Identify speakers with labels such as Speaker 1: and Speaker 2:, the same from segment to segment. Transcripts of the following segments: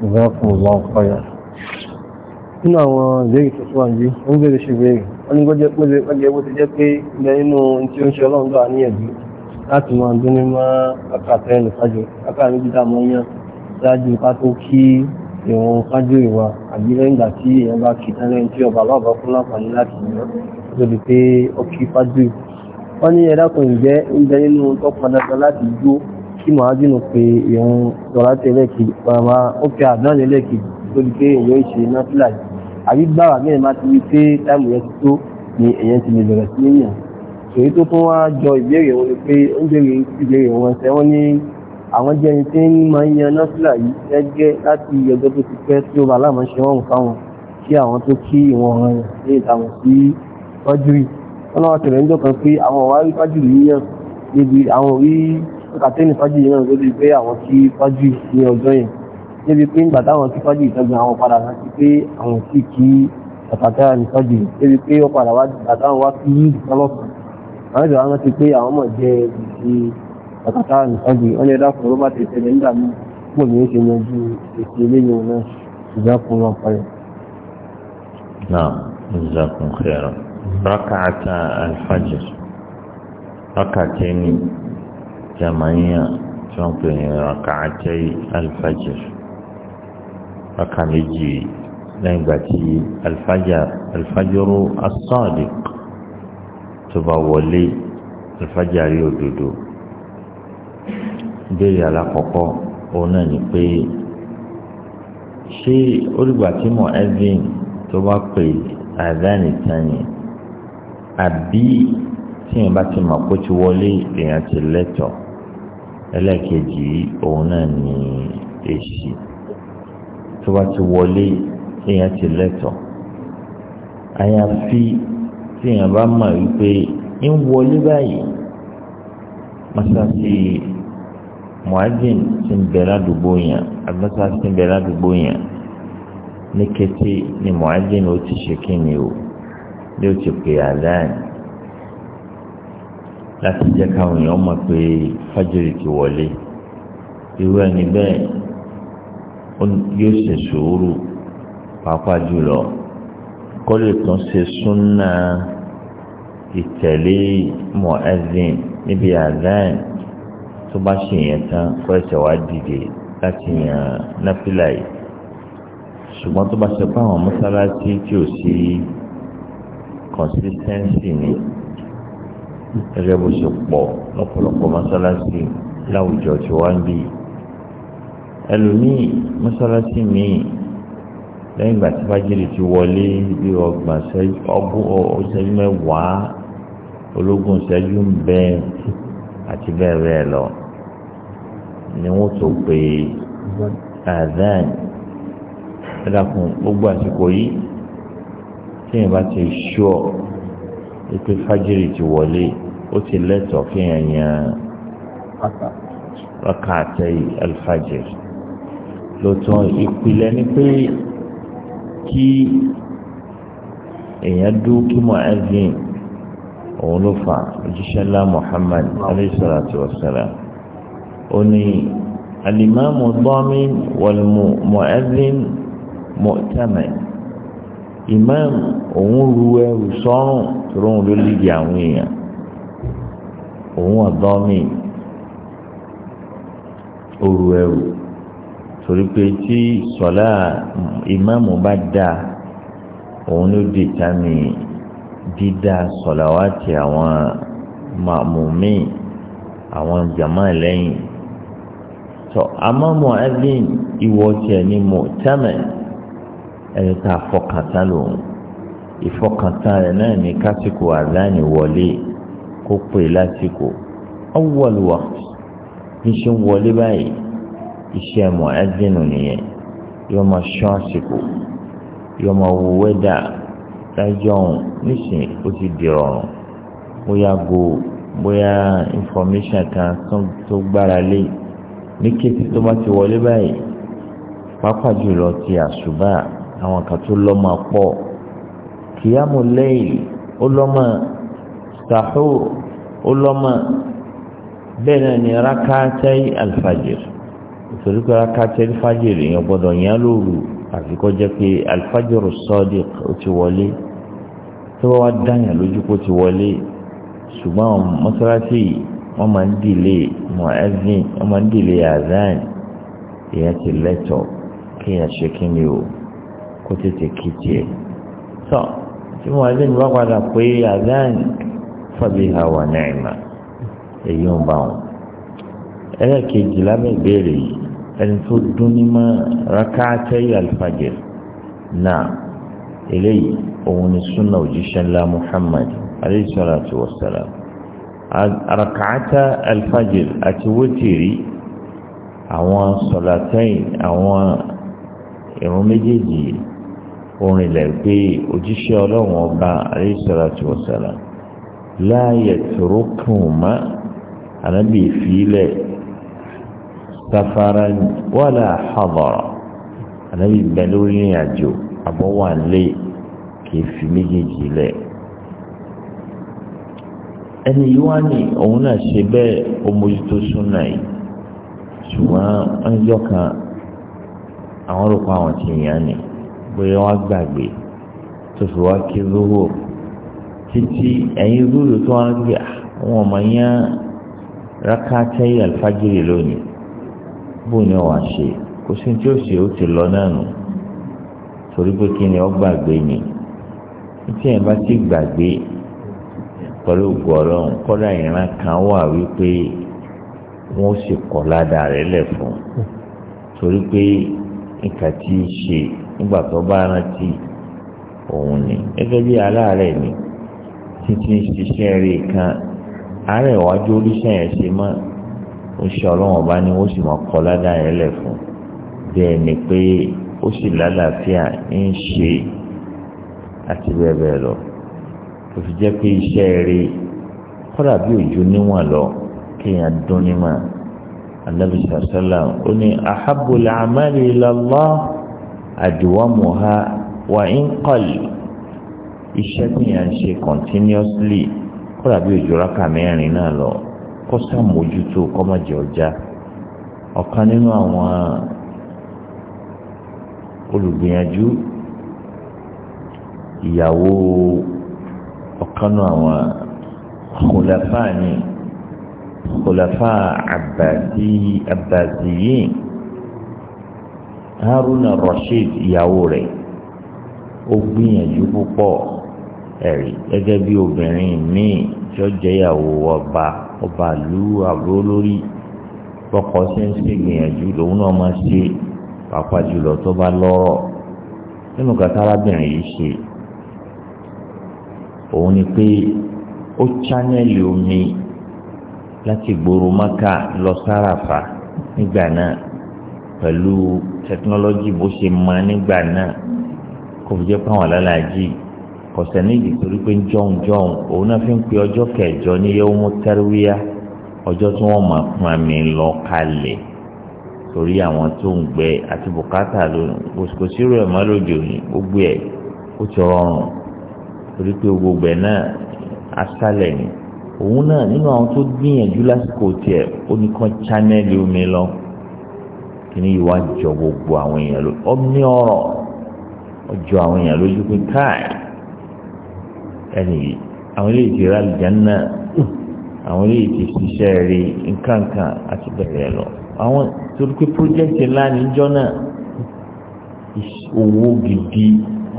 Speaker 1: Jazakumullahu khairan nínú àwọn ìbéèrè tó wà yìí ó ń bèèrè ṣe bèèrè wọ́n ní gbọ́jẹ́ pé gbọ́jẹ́ bó ti jẹ́ pé ilẹ̀ inú tí ó ń ṣe ọlọ́run gbà ní ẹ̀bí láti máa dún ní máa kàkàtẹ́ ẹnìkájọ kákà ní dídá mọ́ yán dájú ká tó kí ìwọ̀n kájú ìwà àbí lẹ́yìn ìgbà tí èèyàn bá kì tán lẹ́yìn tí ọba aláàbá fún láǹfààní láti yàn lórí pé ó kí kájú wọ́n ní ẹ̀dá kan ìjẹ́ ń bẹ nínú tó padà láti dúró kí mọ̀hájínú pé ìrún sọ̀láti ẹlẹ́kejì pàmà ó fẹ́ àdánù ẹlẹ́kejì tó di pé èyàn ìṣe náà fìlà yìí àbí gbàrà mẹ́rin máa ti wí pé táìmù yẹn ti tó ni èyàn ti lè bẹ̀rẹ̀ sí níyàn èyí tó tún wá jọ ìbéèrè wọn ni pé ó ń béèrè ìbéèrè wọn ṣe wọn ní àwọn jẹ́ ẹni tí ń máa ń yan nọ́fìlà yìí gẹ́gẹ́ láti ọjọ́ tó ti pẹ́ tí ó bá aláàmọ́ ṣe wọ́n fáwọn kí àwọn tó kí ìwọ̀n ọ̀ràn yẹn ní ìtàwọn sí fájúrì wọn náà tẹ̀lé ń jọ pé àwọn ọ̀wá fájúrì yíyàn níbi àwọn orí kàtẹ́nì fájì yìí náà lórí pé àwọn kí fájì ní ọjọ́ yẹn níbi pé ńgbà táwọn kí fájì ìtọ́jú àwọn padà rántí pé àwọn sì kí àtàkárà ní fájì níbi pé ó padà wá dìgbà táwọn wá sí yìí lọ́lọ́sàn àwọn ìjọba rántí pé àwọn mọ̀ jẹ gbèsè àtàkárà ní fájì wọ́n lè dákun ló bá ti ṣẹlẹ̀ nígbà mí pò ní ṣe yanjú èsì eléyìí wọn náà ìjákun wọn parẹ́. náà
Speaker 2: ìjákun khairan tí a máa ń yàn tí wọ́n pè ní raka'atay alfajr raka méjì lẹ́yìn ìgbà tí alfajr alfajru as-sadiq tó bá wọlé alfajr rí òdodo ìbéèrè alákọ̀ọ́kọ́ òun náà ni pé ṣé olùgbà tí mo ẹ́vìn tó bá pè àdáni tán yẹn àbí tí èèyàn bá ti mọ̀ pé ó ti wọlé èèyàn ti lẹ́tọ̀ọ́ ẹlẹ́ẹ̀kejì òun náà ni èsì tó bá ti wọlé èèyàn ti lẹ́tọ̀ọ́ àyàfi tí èèyàn bá mọ̀ wípé ń wọlé báyìí masasi muhajin ti ń bẹ̀rẹ̀ àdúgbò yẹn abẹ́sàsì ti ń bẹ̀rẹ̀ àdúgbò yẹn ní kété ni muhajin ó ti ṣe kí ni o ní o ti pè àdáyé láti jẹ́ káwọn èèyàn mọ̀ pé fájìrì ti wọlé irú ẹni bẹ́ẹ̀ yóò ṣe sùúrù pàápàá jùlọ kó lè tún ṣe súnà ìtẹ̀lé mọ̀ẹ́zìn níbi àdáyìn tó bá ṣe yẹn tán kó ẹsẹ̀ wá dìde láti yàn náfìlà yìí ṣùgbọ́n tó bá ṣe pé àwọn mọ́sálásí tí ò sí consistency ni gẹ́gẹ́ bó ṣe pọ̀ lọ́pọ̀lọpọ̀ mọ́sálásí láwùjọ tí wọ́n ń bì ẹlòmíì mọ́sálásí míì lẹ́yìn ìgbà tí fájìrì ti wọlé bí ọgbọ̀n ìṣẹ́jú mẹ́wàá ológun ìṣẹ́jú ń bẹ àti bẹ́ẹ̀ bẹ́ẹ̀ lọ ni wọ́n tó pe azan ẹ̀dàkùn gbogbo àsìkò yìí tí ìyẹn bá ti ṣú ọ ipe fajiri ti wọlé ó ti lẹ́tọ̀ọ́ kí yẹn yan ọkà àtẹ̀yí alfajiri lótọ́ ìpìlẹ̀ ni pé kí èèyàn dúró kí mọ̀ ẹ́sìn òun ló fà ojúṣe Muhammad alayhi salatu wa salam ó ní alimamu dọ́mí wal mu'adhin mu'taman imam òun ru ẹrù sọ́rùn tòun ló lìdí àwọn èèyàn òun ọ̀dọ́ mi ó ru ẹrù torí pé tí sọlá imam bá dáa òun ló dè tá mi dídá sọ̀làwátì àwọn màmúmí àwọn jàmá lẹ́yìn tó amámọ̀ ẹ́dín ìwọ́ tiẹ̀ ni mọ̀ tẹ́mẹ̀ ẹni tá a fọkàntán lòun ìfọkàntán rẹ̀ náà ní kásìkò àdáni wọlé kó pè lásìkò ọwọlùwà níṣẹ wọlé báyìí iṣẹ́ mọ̀ẹ́dínù nìyẹn yóò máa ṣọ́ àsìkò yóò máa wo wẹ́dà lájọ́ òun nísìnyí ó ti di ọ̀rùn bóyá go bóyá information kan tó gbára lé ní kété tó bá ti wọlé báyìí pápá jùlọ ti àṣùbà àwọn kan tó lọ́mọ pọ̀ kìyàmù lẹ́yìn ó lọ́mọ sàhó ó lọ́mọ bẹ́ẹ̀ náà ni rákàtàì alfajir torí pé rákàtàì alfajir èèyàn gbọ́dọ̀ yàn lóru àfi kó jẹ́ pé alfajir sadiq ó ti wọlé tó bá wá dáyàn lójú kó ti wọlé ṣùgbọ́n mọ́sálásí wọ́n máa ń dìlé mọ́ẹ́sìn wọ́n máa ń dìlé àzáìn èèyàn ti lẹ́tọ̀ọ́ kéèyàn ṣe kí ni o kó tètè kí tiẹ̀ tọ́ tí wọ́n lé ní wá padà pé àdáhìn fàbí àwà nàìmà èyí ń bá wọn ẹlẹ́ẹ̀kejì lábẹ́ ìbéèrè yìí ẹni tó dún ní mọ́ rákàtẹ́ alfajir náà eléyìí òun ni súnà òjíṣẹ́ ńlá Muhammad alayhi salatu wa salam rakata àti wotiri àwọn sọlatẹ́yìn àwọn ìrun méjèèjì orin lẹ̀ pé òjíṣẹ́ ọlọ́run ọba àríṣàlátì wọ̀sàlà láàyè tòrókùn má ànábì ìfìlẹ̀ safara wàlà àhàbọ̀rọ̀ ànábì bẹ lórí ìrìn àjò àbọ̀wà lé kìí fi méjèèjì lẹ̀ ẹni yìí wá ní òun náà ṣe bẹ́ẹ̀ ó súnà yìí ṣùgbọ́n ọjọ́ kan àwọn àwọn ti yàn bóyá wọ́n gbàgbé tó fi wá kí lóhùn títí ẹ̀yin rúdù tó ah, wọ́n gbé àwọn ọmọ yẹn rákàtẹ́ àlùfájìrì lónìí bó ni wọ́n ṣe kò sí tí ó ṣe ó ti lọ náà nù torí pé kí ni ọ gbàgbé ni tí ẹ̀ bá ti gbàgbé pẹ̀lú ògùn ọlọ́run kọ́dà ìran kan wà wípé wọ́n sì kọ́ ládàá rẹ̀ lẹ̀ fún torí pé nǹkan tí ṣe nígbà tó bá rántí òun ni gẹ́gẹ́ bí aláàárẹ̀ ni títí ṣiṣẹ́ rí kan àárẹ̀ ìwájú oríṣẹ́ yẹn ṣe mọ́ oṣù ọlọ́wọ́n bá ní ó sì mọ̀ kọ́ ládàá yẹn lẹ̀ fún bẹ́ẹ̀ ni pé ó sì lálàáfíà ń ṣe àti bẹ́ẹ̀ bẹ́ẹ̀ lọ kò fi jẹ́ pé iṣẹ́ rí kọ́dà bí òjò níwọ̀n lọ kéèyàn dún níwọ̀n alábìsà sálà ó ní ahabbul amali àdìwọ́mùhá wà ń kọ̀lì iṣẹ́ tí yà ń ṣe continuously kódà bí òjòrá kà mẹ́rin náà lọ kó sàmójútó kọ́mọ̀jẹ̀ ọjà ọ̀kan nínú àwọn olùgbìyànjú ìyàwó ọ̀kan nínú àwọn khulafa ni khulafa àbàdí àbàdíyìn haruna rasheed ìyàwó rẹ̀ ó gbìyànjú púpọ̀ ẹ̀rí gẹ́gẹ́ bí obìnrin míì tí ó jẹ́ ìyàwó ọba ọba ìlú àbúrò lórí bọ́kọ sí ń ṣe gbìyànjú lòun náà máa ṣe pàápàá jùlọ tó bá lọ́rọ̀ nínú kàtà arábìnrin yìí ṣe òun ni pé ó chánẹ́lì omi láti gbòòrò maka lọ sárafa nígbà náà pẹ̀lú tẹkinọ́lọ́jì bó ṣe mọ nígbà náà kó fi jẹ́ pé àwọn alálàájì kọ̀sẹ̀ nídìí torí pé jọ̀hún jọ̀hún òun náà fi ń pe ọjọ́ kẹjọ ní yẹ́wọ́mú tẹ́rúwíyá ọjọ́ tí wọ́n máa pọn mi lọ kalẹ̀ torí àwọn tó ń gbẹ àti bùkátà lónìí kò sí rẹ̀ mọ́ lóde òní gbogbo ẹ̀ ó ti rọrùn torí pé gbogbo ẹ̀ náà asálẹ̀ ni òun náà nínú àwọn tó gbìyànjú lásìkò tiẹ̀ ó ní kàn chánẹ́ẹ̀lì omi lọ kíní yìí wá jọ gbogbo àwọn èèyàn lójú ọmọ ọ̀rọ̀ ọjọ àwọn èèyàn lójú pé káì ẹnì yìí àwọn eléyìí ti rálì jẹnà àwọn eléyìí ti ṣiṣẹ́ rí nǹkankan àti bẹ́ẹ̀ lọ àwọn torí pé pírójẹ́kìtì ńlá níjọ́ náà owó gidi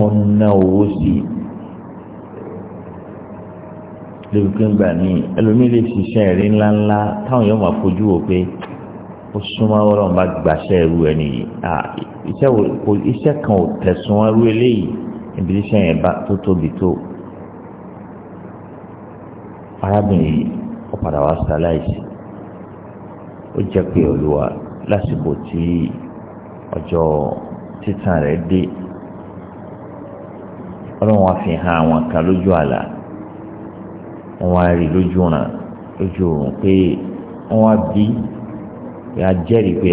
Speaker 2: ọ̀nà owó sí i lórí pé ń gbà ní ẹlòmíì ṣiṣẹ́ rí ńláńlá táwọn yóò máa fojú wò pé ó súnmọ́ ọlọ́run bá gbàṣẹ́ irú ẹni yìí iṣẹ́ kan ò tẹ̀sùn irú eléyìí ibi iṣẹ́ yẹn bá tó tóbi tó arábìnrin yìí ó padà wá sáláìsì ó jẹ́ pé olúwa lásìkò tí ọjọ́ títàn rẹ̀ dé ọlọ́run wá fi hàn àwọn kan lójú àlá wọ́n wá rí lójú ọ̀ràn lójú ọ̀run pé wọ́n wá bí. ya jẹ́rìí pé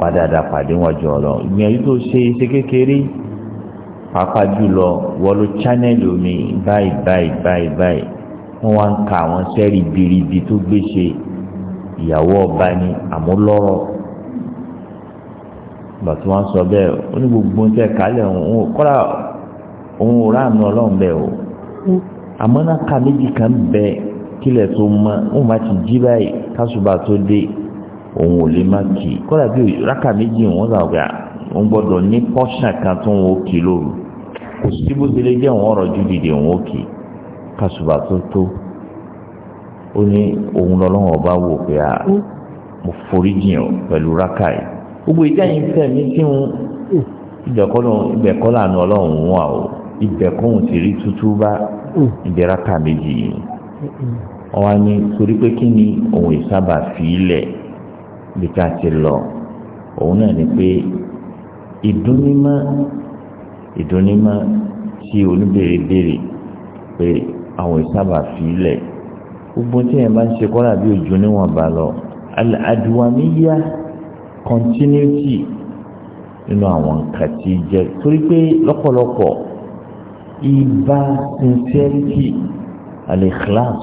Speaker 2: badaada dáadáa pàdé wájú ọ̀rọ̀ ìgbìyànjú tó ṣe iṣẹ́ kékeré pàápàá jùlọ wọlé chánẹ́lì omi báyìí báyìí báyìí wọ́n wá ń ka àwọn sẹ́rì biribi tó gbéṣe ìyàwó ọba àmúlọ́rọ̀ tí sọ bẹ́ẹ̀ ó ní gbogbo tẹ kálẹ̀ òun ò ráàánú ọlọ́run bẹ́ẹ̀ o àmọ́ náà ka méjì kan bẹ kílẹ̀ tó mọ́ òun bá ti jí báyìí kásùbà òun ò lè má kì í kọ́dà bí rákà méjì wọ́n sà gbà òun gbọ́dọ̀ ní pọ́ṣà kan tó ń kì í lóru kò sí bó tilẹ̀ jẹ́ ọ̀rọ̀ ju dìde òun kì í tó tó ó ní òun lọ́lọ́wọ́ bá wò pé a mo ọ pẹ̀lú rákà yìí gbogbo ìjà yìí fẹ́ mi ọlọ́run ti rí tútú bá ìbẹ̀rákà méjì yìí ní torí pé kí ni òun ìsábà fi bí ká ti lọ òun náà ni pé ìdúnnímọ́ ìdúnnímọ́ tí oníbèrè béèrè pé àwọn ìsábà fi ilẹ̀ gbogbo tí ẹ̀ bá ń ṣe kọ́ra bí ojú níwọ̀n bá lọ àdùwàmíyá continuity nínú àwọn nǹkan tí jẹ́ torí pé lọ́pọ̀lọpọ̀ ìbá
Speaker 1: sincerity
Speaker 2: al-ikhlas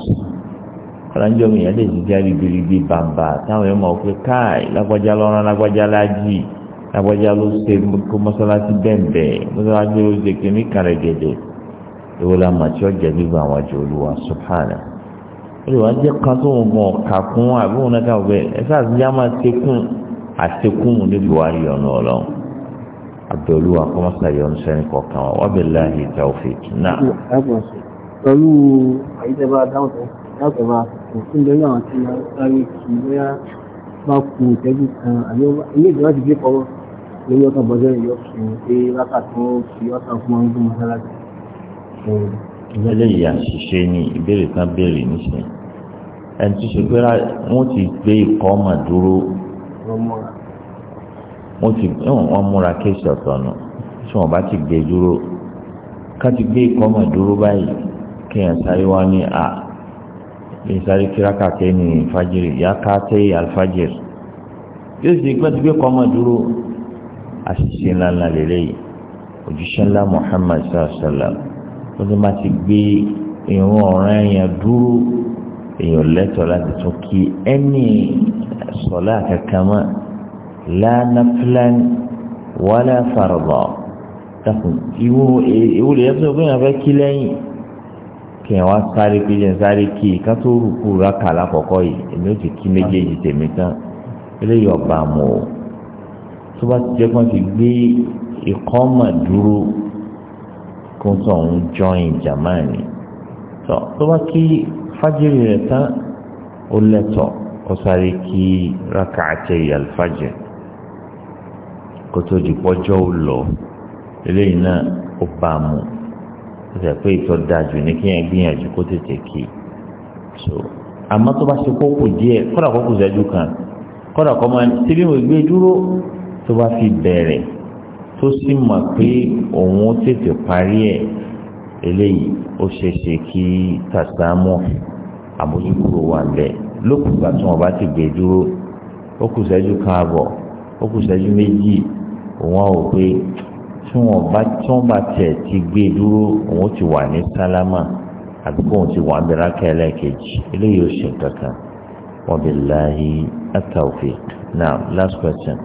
Speaker 2: ọlọ́njọ́ mi yẹn lè ti di arìgbèrègbè bàbà táwọn yẹn mọ̀ pé káì lágbájá lọ́rán lágbájá lájì lágbájá ló ṣe kó mọ́sálásí bẹ́ẹ̀nbẹ́ mọ́sálásí ló ṣe kìíní kàrẹ́ gẹ̀dẹ̀ ìwọ la mà tí ó jẹ gbígbà àwọn àjò olúwa subhana olùwà jẹ́ kan tó ń gbọ̀n kàkún àbúrò náà bẹ́ẹ̀ ẹ sáà ti yá máa ṣekún àṣekún níbi wàá àbẹ̀olúwa kọ́
Speaker 1: kò fún lórí àwọn tí wọ́n sáré kí bóyá bá ku ìtẹ́jú kan àbí ilé ìjọba ti gbé pọ́wọ́ lórí ọkọ̀ bọ́jọ́ ìyọ́ kì í pé wákàtí wọn fi ọkọ̀ fún wọn gbé mọ́sálásí. eléyìí
Speaker 2: àṣìṣe ni ìbéèrè kan béèrè níṣẹ́ ẹni tó ṣe pé wọ́n ti gbé ikọ́ mà dúró wọ́n ti wọ́n múra kéèsì ọ̀tọ̀ nù tí wọ́n bá ti gbé dúró ká ti gbé ikọ́ mà dúró báyìí kéèyàn sáré wá ní à lè sáré kíráka tẹ́ ní fàjìrì yá ká tẹ́ alfàjìrì
Speaker 1: yóò sì pẹ́ tí pé kọ́ ọmọ dúró
Speaker 2: àṣìṣe ńlá ńlá lélẹ́yìí òjíṣẹ́ ńlá Muhammad sallam ó ti má ti gbé ìrún ọ̀ràn èèyàn dúró èèyàn lẹ́tọ̀ọ́ láti tún kí ẹni sọ̀lá kankan mọ́ la naflan wala farḍa dákun yẹn tó fún yàrá fẹ́ kí lẹ́yìn kí ẹ wá sáré kí ẹ sáré kí i ká tó rúkú rákà lákọ̀ọ́kọ́ yìí èmi ó ti kí méjèèjì tèmi tán eléyìí ọba mọ̀ ọ́ tó bá ti jẹ́ kí ti gbé ikọ́ mà dúró kó tó ń jọyìn jamani tó tó bá kí fájìrì rẹ̀ tán ó lẹ́tọ̀ ó sáré kí rákà àti ẹ̀yà alfájìrì kó tó di pọ́jọ́ ó lọ eléyìí náà ó bá a mọ̀ ó sì pé ìtọ́ da jù ní kéèyàn gbìyànjú kó tètè kí so àmọ́ tó bá ṣe kókò díẹ̀ kọ́dà kókò ṣẹ́jú kan kọ́dà kọ́ máa ṣe bí mo gbé dúró tó bá fi bẹ̀rẹ̀ tó sì mọ̀ pé òun ó tètè parí ẹ̀ eléyìí ó ṣeé ṣe kí tàṣámọ̀ àmójúkúrò wà bẹ́ẹ̀ lókùgbà tí wọ́n bá ti gbé dúró ó kù ṣẹ́jú kan àbọ̀ ó kù ṣẹ́jú méjì òun á wò pé tí wọ́n bá tí wọ́n bá tẹ̀ ti gbé e dúró òun ti wà ní sálámà àbí kóun ti wà níbi rákà ẹlẹ́ẹ̀kejì eléyìí ò ṣe kankan wabillahi at-tawfiq now last question.